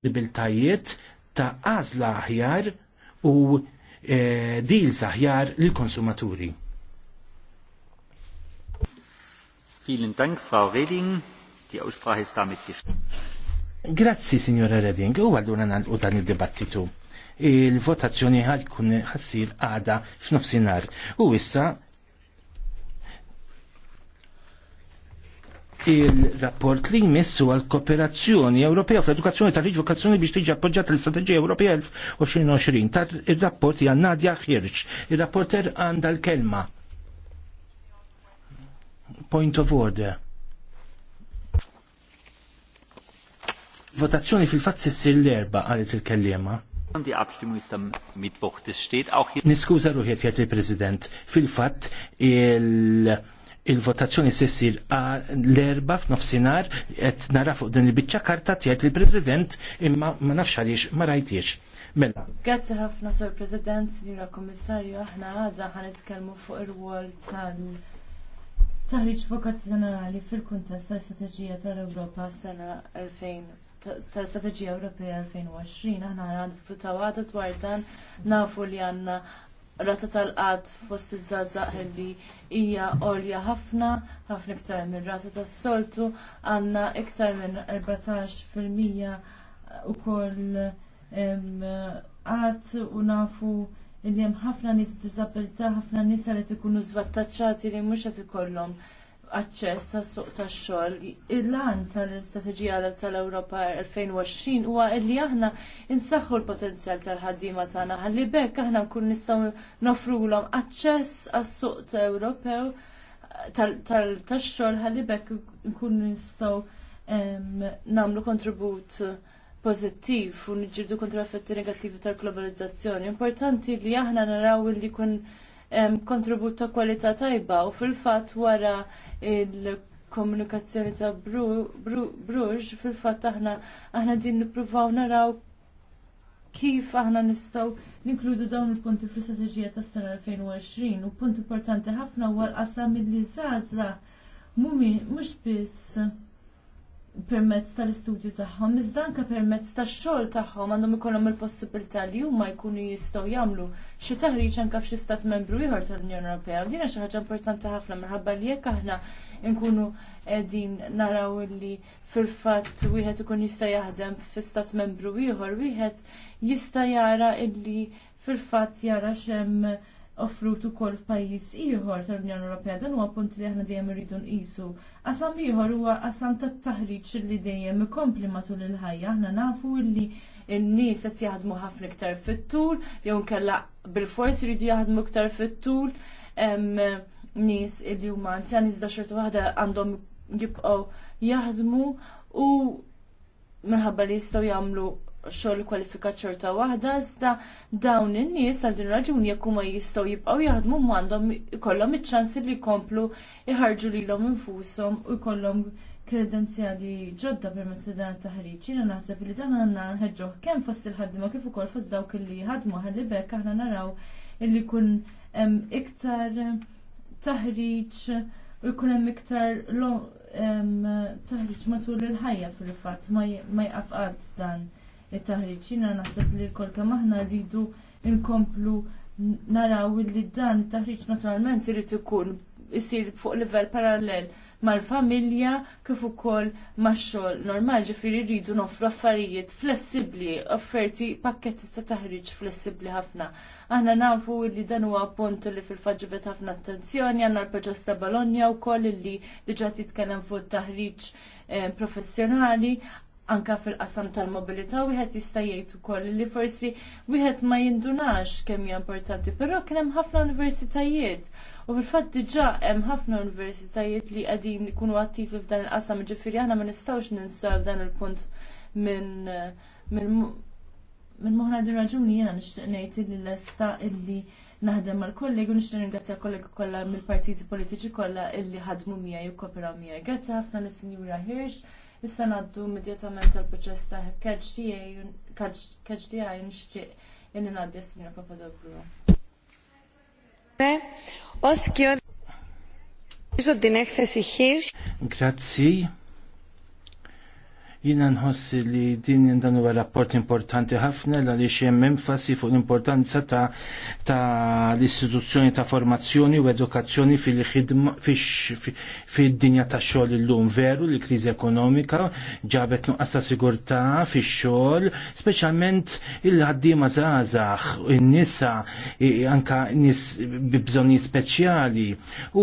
possibiltajiet ta' għazla aħjar u e, deals aħjar lill-konsumaturi. Vielen Dank, Frau Reding. Die Aussprache ist damit geschlossen. Grazzi, signora Reding. U għallura nalqu dan il-dibattitu. Il-votazzjoni għal kun ħassir għada f'nofsinar. U issa il-rapport li jmissu għal kooperazzjoni Ewropea fl-edukazzjoni tal vokazzjoni biex tiġi appoġġjat l strateġija Ewropea 2020. Tar il-rapport hija Nadja Hirsch. Il-rapporter għandha l-kelma. Point of order. Votazzjoni fil-fatt sissi l-erba għalet il-kellima. Niskuża Niskuza ruħiet jgħet il-President. Fil-fatt il-, -president. fil il il-votazzjoni sissir l-erba f'nofsinhar qed nara fuq din il-biċċa karta tijet il-President imma ma nafx għaliex ma rajtiex. Mela. Grazzi ħafna sur President, Sinjura Kommissarju, aħna għadha ħanitkellmu fuq ir-wol tal- Taħriġ vokazzjonali fil-kuntest tal-Strateġija tal-Ewropa sena 2000 tal-Strateġija Ewropea 2020 aħna għandu futawata dwar dan nafu li għandna rata tal-qad fost iż-żazzaq li hija għolja ħafna, ħafna iktar minn rata tas-soltu, għandna iktar minn 14% ukoll qatt u nafu li hemm ħafna nies b'diżabilità, ħafna nies qed ikunu żvantaġġati li mhux qed ikollhom aċċess għas suq tax-xogħol. Il-lan tal-istrateġija tal-Ewropa 2020 huwa li aħna insaħħu l-potenzjal tal-ħaddiema tagħna ħalli bekk aħna nkun nistgħu nofrulhom aċċess għas suq Ewropew tax-xogħol ħalli bekk nkun nistgħu nagħmlu kontribut pożittiv u niġġieldu kontra effetti negattivi tal-globalizzazzjoni. Importanti li aħna naraw li kun kontribut ta' kwalità tajba u fil-fatt wara il komunikazzjoni ta' Brux, fil-fatt aħna aħna din nippruvaw naraw kif aħna nistgħu ninkludu dawn il-punti fl-istrateġija tas sena 2020 u punt importanti ħafna huwa l-qasam mill-li żgħażla mhux biss permezz tal-istudju tagħhom, iżda anke permezz tax-xogħol tagħhom għandhom ikollhom il-possibilità li huma jkunu jistgħu jagħmlu xi taħriġ anke f'xi stat membru ieħor tal-Unjoni Ewropea. Dina xi ħaġa importanti ħafna minħabba li jekk aħna nkunu qegħdin naraw li fil-fatt wieħed ikun jista' jaħdem fi stat membru ieħor, wieħed jista' jara illi fil-fatt jara x'hemm offrut ukoll f'pajjiż ieħor tal-Unjoni Ewropea dan huwa punt li aħna dejjem irridu nqisu. Qasam ieħor huwa qasam tat-taħriġ li dejjem ikompli matul il-ħajja aħna nafu li n-nies qed jaħdmu ħafna iktar fit-tul jew nkella bilfors iridu jaħdmu iktar fit-tul nies li huma anzjan iżda xorta waħda għandhom jibqgħu jaħdmu u minħabba li jistgħu jagħmlu xogħol kwalifikat xorta waħda iżda dawn in-nies għal din raġuni jekk huma jistgħu jibqgħu jaħdmu m'għandhom ikollhom iċ-ċansi li jkomplu iħarġu lilhom infushom u jkollhom kredenzjali ġodda permezz li dan taħriġ, jiena naħseb li dan għandna nħeġġoħ kemm fost il-ħaddima kif ukoll fost dawk li ħadmu ħalli bekk aħna naraw illi jkun hemm iktar taħriġ u jkun hemm iktar taħriġ matul il-ħajja fil-fatt ma jqafqad dan it-taħriġ. naħseb li l-kol kemm aħna rridu nkomplu naraw li dan it-taħriġ naturalment irid ikun isir fuq livell parallel mal-familja kif ukoll max-xogħol normali ġifieri rridu nofru affarijiet flessibbli, offerti pakketti ta' taħriġ flessibbli ħafna. Aħna nafu li dan huwa punt li fil-faġibet ħafna attenzjoni, għandna l-proċess ta' Balonja wkoll li diġà titkellem fuq taħriġ eh, professjonali, anka fil-qasam tal-mobilità wieħed jista' jgħid ukoll li forsi wieħed ma jindunax kemm hija importanti, però kien hemm ħafna universitajiet u fil fatt diġà hemm ħafna universitajiet li qegħdin ikunu attivi f'dan il-qasam ġifieri aħna ma nistgħux ninsaw dan il-punt minn moħħna din raġuni jiena nixtieq ngħid li lesta illi naħdem mal kollegi u nixtieq ringrazzja kollegi kollha mill-partiti politiċi kollha illi ħadmu miegħi u kooperaw miegħi. Grazzi ħafna lis-Sinjura Hirsch Issa naddu immedjatament għall proċess ta' kaġ tiegħi nixtieq inni ngħaddi s-Sinjor Papadopoulou. Oskjon, Grazzi. Jina nħossi li din dan huwa rapport importanti ħafna għaliex hemm enfasi fuq l-importanza ta', ta l-istituzzjoni ta' formazzjoni u edukazzjoni fil-ħidma fid-dinja tax xogħol illum veru li kriżi ekonomika ġabet nuqqas ta' sigurtà fix-xogħol, speċjalment il-ħaddiema żgħażagħ, in-nisa anka nis bi bżonnijiet speċjali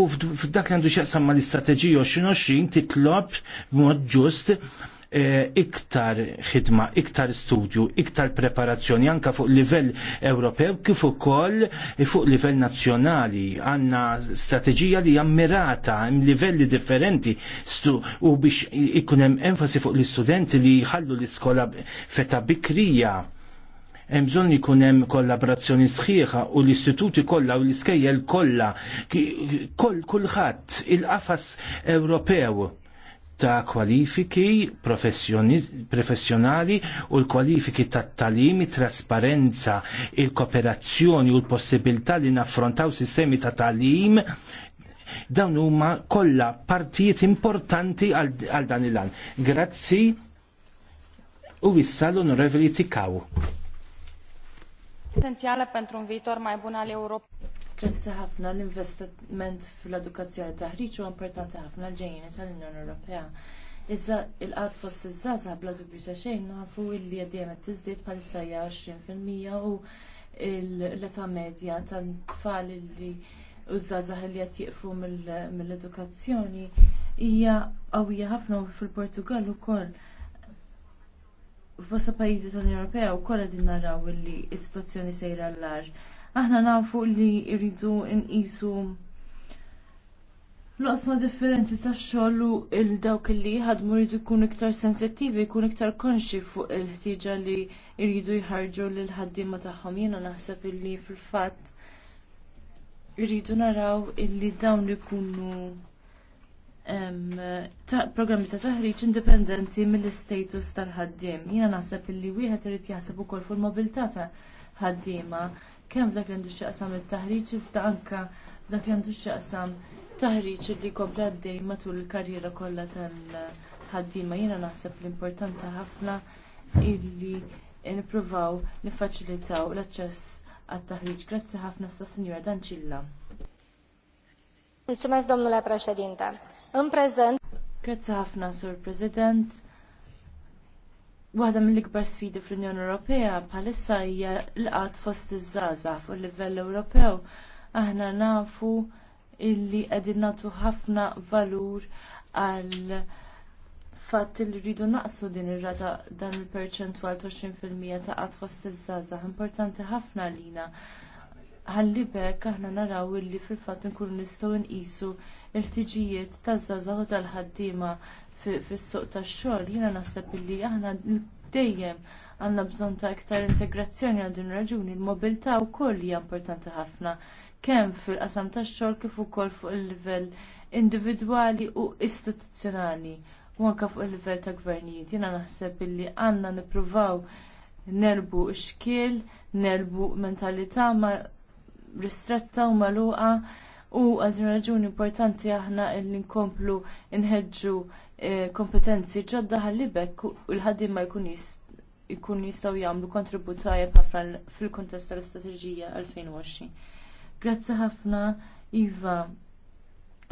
u f'dak li għandu x'jaqsam mal-istrateġija 2020 titlob b'mod ġust Eh, iktar ħidma, iktar studju, iktar preparazzjoni anka fuq livell Ewropew kif ukoll fuq livell nazzjonali. Għandna strateġija li ammirata hemm livelli differenti stu, u biex ikun hemm enfasi fuq l-istudenti li jħallu l-iskola feta bikrija hemm bżonn ikun hemm kollaborazzjoni sħiħa u l-istituti kollha u l-iskejjel kollha kull kulħadd il-qafas Ewropew ta' kwalifiki professjonali u l-kwalifiki ta' talimi, trasparenza, il-kooperazzjoni u l-possibilità li naffrontaw sistemi ta' talim dawn huma kollha partijiet importanti għal dan il-għan. Grazzi u issa l-onorevoli tikaw. Potenzjala pentru un viitor mai bun al Grazzi ħafna l-investiment fl-edukazzjoni taħriġ huwa importanti ħafna l-ġejjeni tal-Unjoni Ewropea. Iżda il-qat fost iż-żaza bla dubju ta' xejn nafu li għadjem qed tiżdied bħalissa 20% u l-età medja tan-tfal li u żgħażagħ li qed jieqfu mill-edukazzjoni hija qawwija ħafna fil-Portugal ukoll f'bosta pajjiżi tal-Unjoni Ewropea wkoll qegħdin naraw li s-sitwazzjoni sejra l-ar Aħna nafu li jridu nqisu l-qasma differenti ta' xollu il-dawk li ħadmu rridu jkunu iktar sensittivi, jkun iktar konxi fuq il-ħtieġa li jridu jħarġu l ħaddiema tagħhom. Jiena naħseb illi fil-fatt jridu naraw illi dawn ikunu programmi ta' taħriġ indipendenti mill-istatus tal-ħaddiem. Jiena naħseb illi wieħed irid jaħseb ukoll fuq il-mobilità ta' ħaddiema kemm dak li għandu x'jaqsam it-taħriġ iżda anke dak li għandu x'jaqsam taħriġ li jkompli għaddej matul il-karriera kollha tal-ħaddiema. Jiena naħseb l-importanti ħafna illi nippruvaw niffaċilitaw l-aċċess għat-taħriġ. Grazzi ħafna sa' Sinjura Danċilla. Mulțumesc, domnule președinte. În prezent... Grazie ħafna, sur President. Waħda mill-ikbar sfidi fl-Unjoni Ewropea bħalissa hija l-qatt fost iż-żgħażagħ fuq livell Ewropew. Aħna nafu illi qegħdin nagħtu ħafna valur għal fatt li rridu naqsu din ir-rata dan il-perċentwal 20% ta' qat fost iż-żgħażagħ. Importanti ħafna lina ħalli bekk aħna naraw illi fil-fatt nkunu nistgħu nqisu l-ħtiġijiet taż-żagħżagħ u tal-ħaddiema fis-suq tax-xogħol. Jiena naħseb illi aħna dejjem għandna bżonn ta' iktar integrazzjoni għal din raġuni l-mobilità wkoll hija importanti ħafna kemm fil-qasam tax-xogħol kif ukoll fuq il-livell individwali u istituzzjonali u anke fuq il-livell ta' gvernijiet. Jiena naħseb illi għandna nippruvaw nerbu x xkiel, nerbu mentalità ma' ristretta u magħluqa u għazin raġuni importanti aħna li nkomplu nħeġġu eh, kompetenzi ġodda ħallibek u l-ħaddim ma jkun jkun jistgħu jagħmlu kontribut tajjeb ħafna fil-kuntest tal-istrateġija 2020. Grazzi ħafna Iva.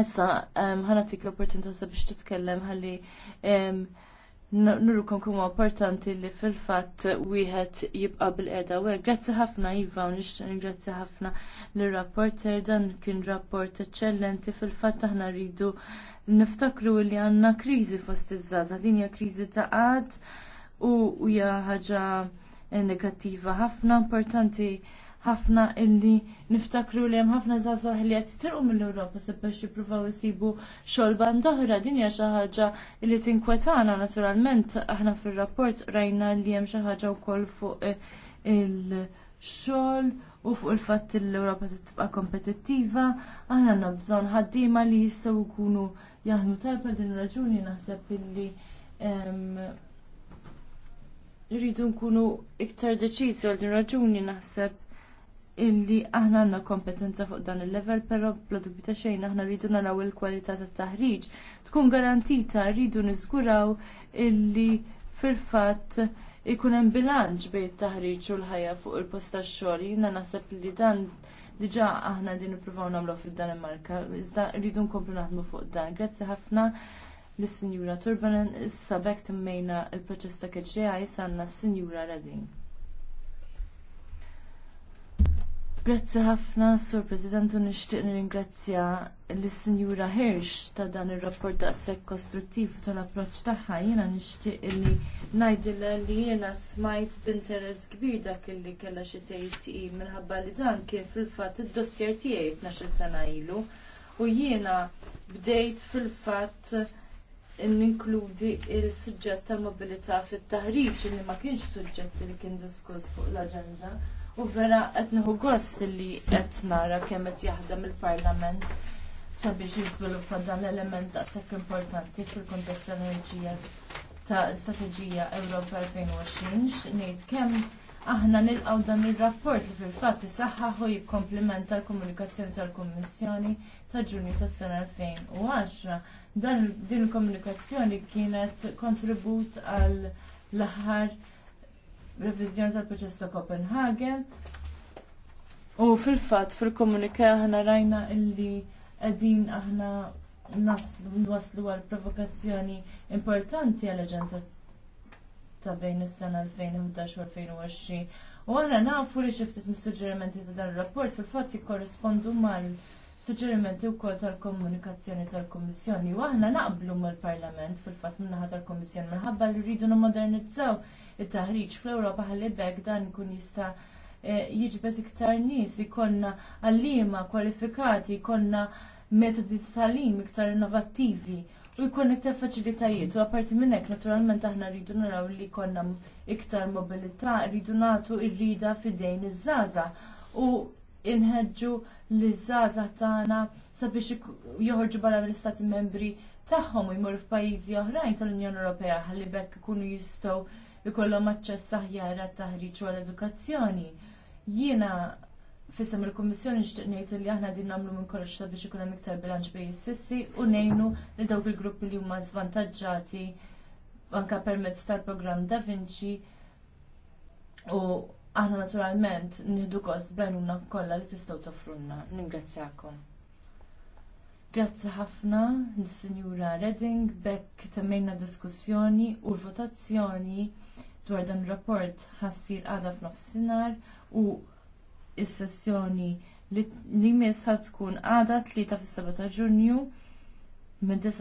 Issa, ħanatik l-opportunità sabiex titkellem ħalli nurru huwa importanti li fil fatt wieħed jibqa bil-qeda u grazzi ħafna Iva u nixtieq grazzi ħafna lir rapporter dan kien rapport eċċellenti fil fatt aħna rridu niftakru li għandna kriżi fost iż-żgħażagħ din hija kriżi ta' qatt u hija ħaġa negattiva ħafna importanti ħafna illi niftakru li hemm ħafna żgħażagħ li qed jitilqu mill-Ewropa sabiex jippruvaw isibu xorban doħra din hija xi ħaġa li tinkwetana naturalment aħna fir-rapport rajna li hemm xi ħaġa wkoll fuq eh, il-xogħol u fuq il-fatt li l-Ewropa tibqa' kompetittiva, aħna għandna bżonn ħaddiema li jistgħu jkunu jaħdmu tajba din raġuni naħseb illi rridu nkunu iktar deċiżi għal din raġuni naħseb illi aħna għandna kompetenza fuq dan il-level, però bla dubju ta' xejn aħna rridu naraw il-kwalità tat-taħriġ tkun garantita, rridu niżguraw illi fil-fatt ikun hemm bilanċ bejn it-taħriġ u l-ħajja fuq il-post tax-xogħol. Jiena naħseb li dan diġà aħna din nippruvaw nagħmlu fid-Danimarka, iżda rridu nkomplu naħdmu fuq dan. Grazzi ħafna lis sinjura Turbanen, issa bekk timmejna l proċess ta' keġġeja jisanna s-Sinjura Redin. Grazzi ħafna, Sur President, u nixtieq l lis-Sinjura Hirsch ta' dan ir-rapport ta' sekk kostruttiv ta' tal-approċċ tagħha. Jiena nixtieq li najdilla li jiena smajt b'interess kbir dak illi kellha xi tgħid minħabba li dan kien fil-fatt id-dossier tiegħi 12 sena ilu u jiena bdejt fil-fatt ninkludi il suġġett ta' mobilità fit-taħriġ li ma kienx suġġett li kien diskuss fuq l-aġenda u vera qed nieħu gost li qed nara kemm qed jaħdem il-Parlament sabiex jiżviluppa dan l-element daqshekk importanti fil-kuntest tal-enerġija ta' strateġija Ewropa 2020 ngħid kemm aħna nilqgħu dan ir-rapport li fil-fatt isaħħaħ u jikkomplimenta l-komunikazzjoni tal-Kummissjoni ta' Ġunju tas-sena 2010. Dan din il-komunikazzjoni kienet kontribut għal l-aħħar revizjon tal-proċess ta' Copenhagen. U fil-fatt fil-komunika aħna rajna illi qegħdin aħna waslu għal provokazzjoni importanti għal aġenda ta' bejn is-sena 2011 u 2020. U aħna nafu li xi ftit mis-suġġerimenti ta' dan ir-rapport fil-fatt jikkorrispondu mal- suġġerimenti wkoll tal-komunikazzjoni tal-Kummissjoni. U aħna naqblu mal-Parlament fil-fatt minnaħat tal-Kummissjoni minħabba li rridu modernizzaw it-taħriġ fl-Ewropa ħalli dan ikun jista' eh, jiġbed iktar nies, ikonna għallima kwalifikati, ikonna metodi tal-talim iktar innovattivi u jkun iktar faċilitajiet. U apparti minn hekk naturalment aħna rridu naraw li konna iktar mobilità, rridu nagħtu irrida fidejn iż żaza U inħeġġu li żgħażagħ tagħna sabiex joħorġu barra mill-istati membri tagħhom u jmorru f'pajjiżi oħrajn tal-Unjoni Ewropea ħalli bekk ikunu jistgħu jkollhom aċċess aħjar għat-taħriġ u għall-edukazzjoni. Jiena fisem il-Kommissjoni nixtieq ngħid li aħna din nagħmlu minn kollox sabiex ikun hemm iktar bilanċ bejn is-sissi u ngħinu li dawk il-gruppi li huma żvantaġġati anke permezz tal-programm Da Vinci u Aħna naturalment nieħdu gost benuna kollha li tistgħu tofrunna. Ningrazzjakom. Grazzi ħafna signora Redding bekk temmejna diskussjoni u l-votazzjoni dwar dan rapport ħassir għada f'nofsinhar u is-sessjoni li ħad tkun għada 3 fis-7 ta' Ġunju mid